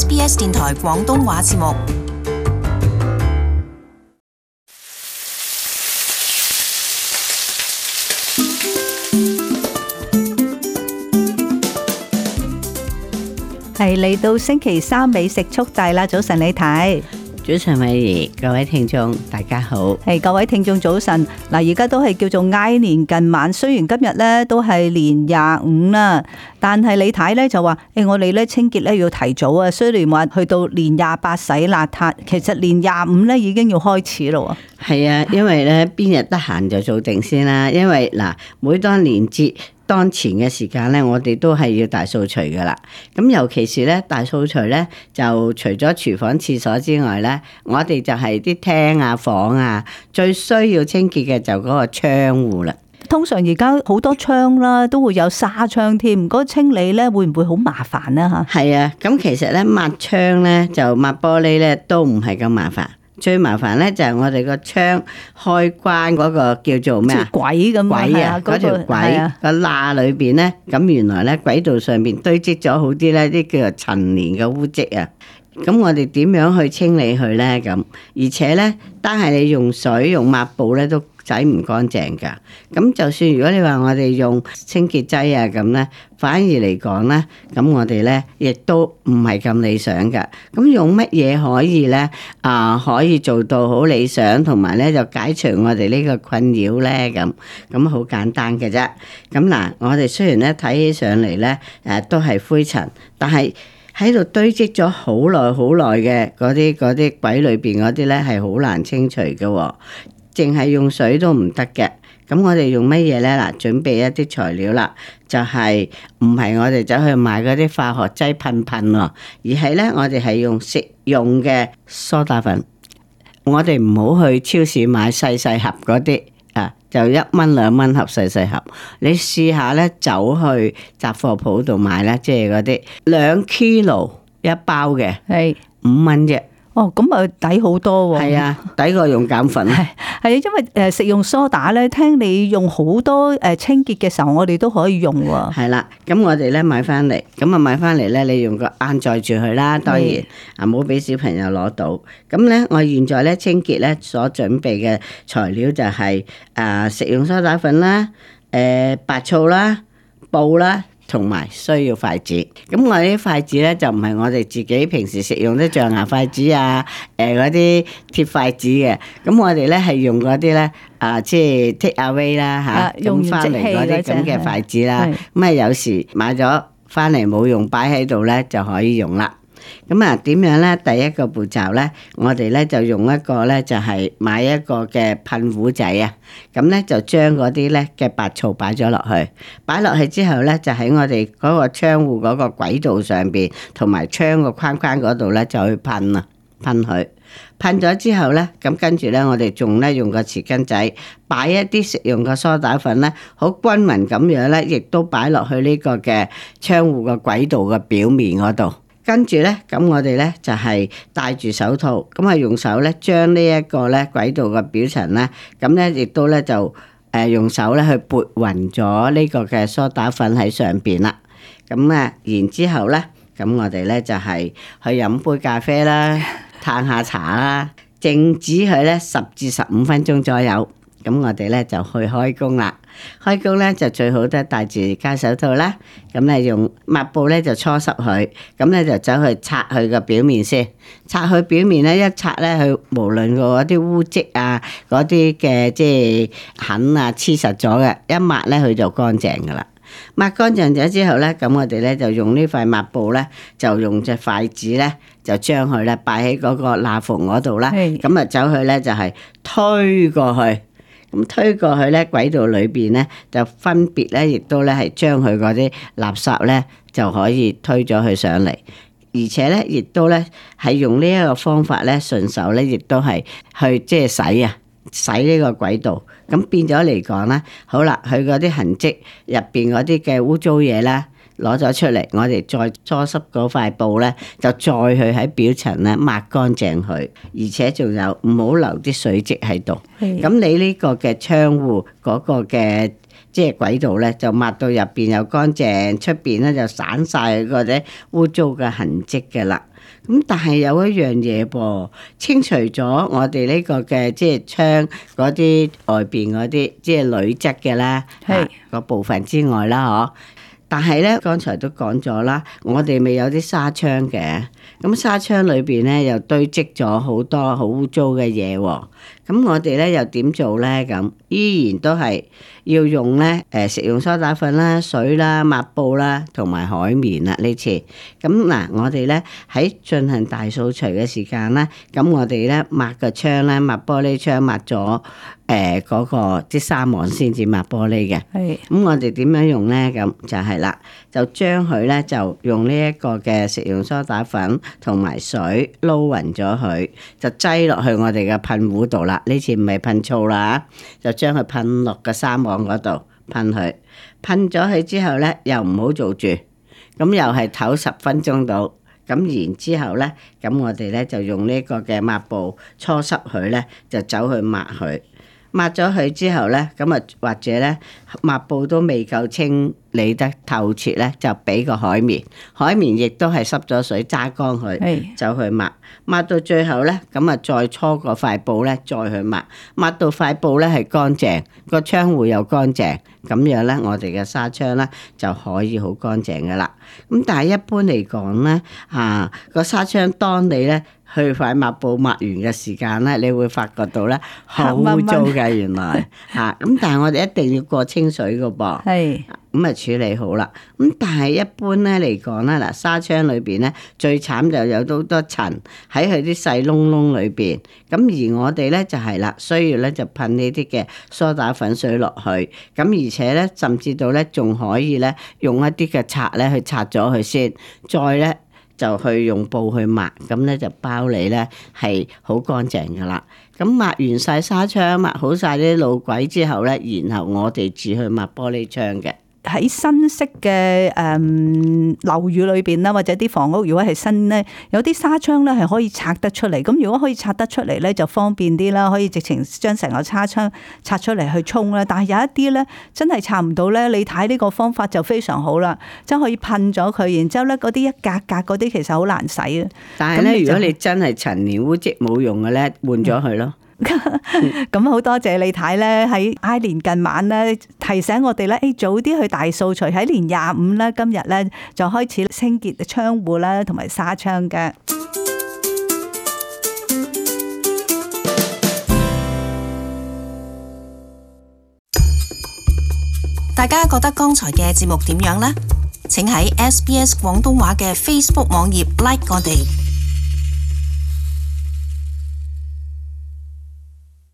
SBS 電台廣東話節目係嚟到星期三美食速遞啦！早晨，你睇，早晨，咪兒，各位聽眾大家好，係各位聽眾早晨。嗱，而家都係叫做挨年近晚，雖然今日咧都係年廿五啦。但係你睇咧就話，誒、欸、我哋咧清潔咧要提早啊，雖然話去到年廿八洗邋遢，其實年廿五咧已經要開始咯。係啊，因為咧邊日得閒就做定先啦。因為嗱，每當年節當前嘅時間咧，我哋都係要大掃除噶啦。咁尤其是咧大掃除咧，就除咗廚房廁所之外咧，我哋就係啲廳啊房啊，最需要清潔嘅就嗰個窗戶啦。通常而家好多窗啦，都會有紗窗添，嗰個清理咧，會唔會好麻煩咧？吓，係啊，咁其實咧抹窗咧就抹玻璃咧都唔係咁麻煩，最麻煩咧就係我哋個窗開關嗰個叫做咩啊？軌咁啊，嗰條軌，個罅裏邊咧，咁原來咧軌道上面堆積咗好啲咧啲叫做陳年嘅污漬啊！咁我哋點樣去清理佢呢？咁而且呢，單係你用水用抹布呢都洗唔乾淨㗎。咁就算如果你話我哋用清潔劑啊咁呢，反而嚟講呢，咁我哋呢亦都唔係咁理想㗎。咁用乜嘢可以呢？啊，可以做到好理想，同埋呢就解除我哋呢個困擾呢。咁咁好簡單嘅啫。咁嗱，我哋雖然呢睇起上嚟呢誒、啊、都係灰塵，但係，喺度堆積咗好耐好耐嘅嗰啲嗰啲鬼裏邊嗰啲咧係好難清除嘅、哦，淨係用水都唔得嘅。咁我哋用乜嘢咧？嗱，準備一啲材料啦，就係唔係我哋走去買嗰啲化學劑噴噴喎，而係咧我哋係用食用嘅梳打粉。我哋唔好去超市買細細盒嗰啲。就一蚊兩蚊盒細細盒，你試下走去雜貨鋪度買啦，即係嗰啲兩 kilo 一包嘅，係是五蚊啫。哦，咁啊，抵好多喎！係啊，抵過用鹼粉。係， 係因為誒，食用梳打咧，聽你用好多誒清潔嘅時候，我哋都可以用喎、啊。係啦，咁我哋咧買翻嚟，咁啊買翻嚟咧，你用個硬載住佢啦，當然的啊，唔好俾小朋友攞到。咁咧，我現在咧清潔咧所準備嘅材料就係啊食用梳打粉啦，誒、呃、白醋啦，布啦。同埋需要筷子，咁我啲筷子咧就唔係我哋自己平時食用啲象牙筷子啊，誒嗰啲鐵筷子嘅，咁我哋咧係用嗰啲咧啊，即係 take away 啦、啊、嚇，啊、用完即棄嗰隻咁嘅筷子啦，咁啊有時買咗翻嚟冇用擺喺度咧就可以用啦。咁啊，點樣咧？第一個步驟咧，我哋咧就用一個咧就係買一個嘅噴壺仔啊。咁咧就將嗰啲咧嘅白醋擺咗落去，擺落去之後咧就喺我哋嗰個窗戶嗰個軌道上邊，同埋窗個框框嗰度咧就去噴啊，噴佢。噴咗之後咧，咁跟住咧我哋仲咧用個匙羹仔擺一啲食用個梳打粉咧，好均勻咁樣咧，亦都擺落去呢個嘅窗戶個軌道嘅表面嗰度。跟住咧，咁我哋咧就係、是、戴住手套，咁係用手咧將呢一個咧軌道嘅表層咧，咁咧亦都咧就誒用手咧去撥勻咗呢個嘅梳打粉喺上邊啦。咁啊，然之後咧，咁我哋咧就係、是、去飲杯咖啡啦，嘆下茶啦，靜止佢咧十至十五分鐘左右。咁我哋咧就去開工啦。開工咧就最好都戴住膠手套啦。咁咧用抹布咧就搓濕佢，咁咧就走去擦佢個表面先。擦佢表面咧一擦咧，佢無論個嗰啲污漬啊，嗰啲嘅即係痕啊，黐實咗嘅，一抹咧佢就乾淨噶啦。抹乾淨咗之後咧，咁我哋咧就用呢塊抹布咧，就用隻筷子咧，就將佢咧擺喺嗰個罅縫嗰度啦。咁啊走去咧就係推過去。咁推過去咧，軌道裏邊咧就分別咧，亦都咧係將佢嗰啲垃圾咧就可以推咗佢上嚟，而且咧亦都咧係用呢一個方法咧順手咧亦都係去即係洗啊洗呢個軌道，咁變咗嚟講咧，好啦，佢嗰啲痕跡入邊嗰啲嘅污糟嘢咧。攞咗出嚟，我哋再搓濕嗰塊布咧，就再去喺表層咧抹乾淨佢，而且仲有唔好留啲水漬喺度。咁是你呢個嘅窗戶嗰個嘅即係軌道咧，就抹到入邊又乾淨，出邊咧就散晒嗰啲污糟嘅痕跡嘅啦。咁但係有一樣嘢噃，清除咗我哋呢個嘅即係窗嗰啲外邊嗰啲即係鋁質嘅咧係個部分之外啦，嗬。但係咧，剛才都講咗啦，我哋咪有啲紗窗嘅，咁紗窗裏邊咧又堆積咗好多好污糟嘅嘢喎，咁我哋咧又點做咧？咁依然都係要用咧，誒食用梳打粉啦、水啦、抹布啦同埋海綿啦呢次。咁嗱，我哋咧喺進行大掃除嘅時間咧，咁我哋咧抹個窗咧，抹玻璃窗抹咗。誒嗰個啲砂網先至抹玻璃嘅，咁、嗯、我哋點樣用咧？咁就係啦，就將佢咧就用呢一個嘅食用梳打粉同埋水撈勻咗佢，就擠落去我哋嘅噴壺度啦。呢次唔係噴醋啦，就將佢噴落個砂網嗰度噴佢，噴咗佢之後咧又唔好做住，咁又係唞十分鐘到，咁然之後咧，咁我哋咧就用呢一個嘅抹布搓濕佢咧，就走去抹佢。抹咗佢之後呢，咁啊或者呢，抹布都未夠清理得透徹呢，就俾個海綿，海綿亦都係濕咗水揸乾佢，就去抹。抹到最後呢，咁啊再搓個塊布呢，再去抹，抹到塊布呢係乾淨，個窗戶又乾淨，咁樣呢，我哋嘅紗窗呢就可以好乾淨噶啦。咁但係一般嚟講呢，啊個紗窗當你呢。去塊抹布抹完嘅時間咧，你會發覺到咧好污糟嘅原來嚇。咁 但係我哋一定要過清水嘅噃。係。咁啊處理好啦。咁但係一般咧嚟講咧，嗱紗窗裏邊咧最慘就有好多塵喺佢啲細窿窿裏邊。咁而我哋咧就係啦，需要咧就噴呢啲嘅梳打粉水落去。咁而且咧，甚至到咧仲可以咧用一啲嘅刷咧去刷咗佢先，再咧。就去用布去抹，咁咧就包你咧係好乾淨噶啦。咁抹完晒紗窗，抹好晒啲路軌之後咧，然後我哋至去抹玻璃窗嘅。喺新式嘅誒、嗯、樓宇裏邊啦，或者啲房屋，如果係新咧，有啲紗窗咧係可以拆得出嚟。咁如果可以拆得出嚟咧，就方便啲啦，可以直情將成個紗窗拆出嚟去沖啦。但係有一啲咧，真係拆唔到咧。你睇呢個方法就非常好啦，即係可以噴咗佢，然之後咧，嗰啲一格格嗰啲其實好難洗啊。但係咧，如果你真係陳年污跡冇用嘅咧，換咗佢咯。咁好多謝李太咧，喺挨年近晚咧提醒我哋咧，誒早啲去大掃除喺年廿五咧，今日咧就開始清潔窗戶啦，同埋紗窗嘅。大家覺得剛才嘅節目點樣呢？請喺 SBS 廣東話嘅 Facebook 網頁 like 我哋。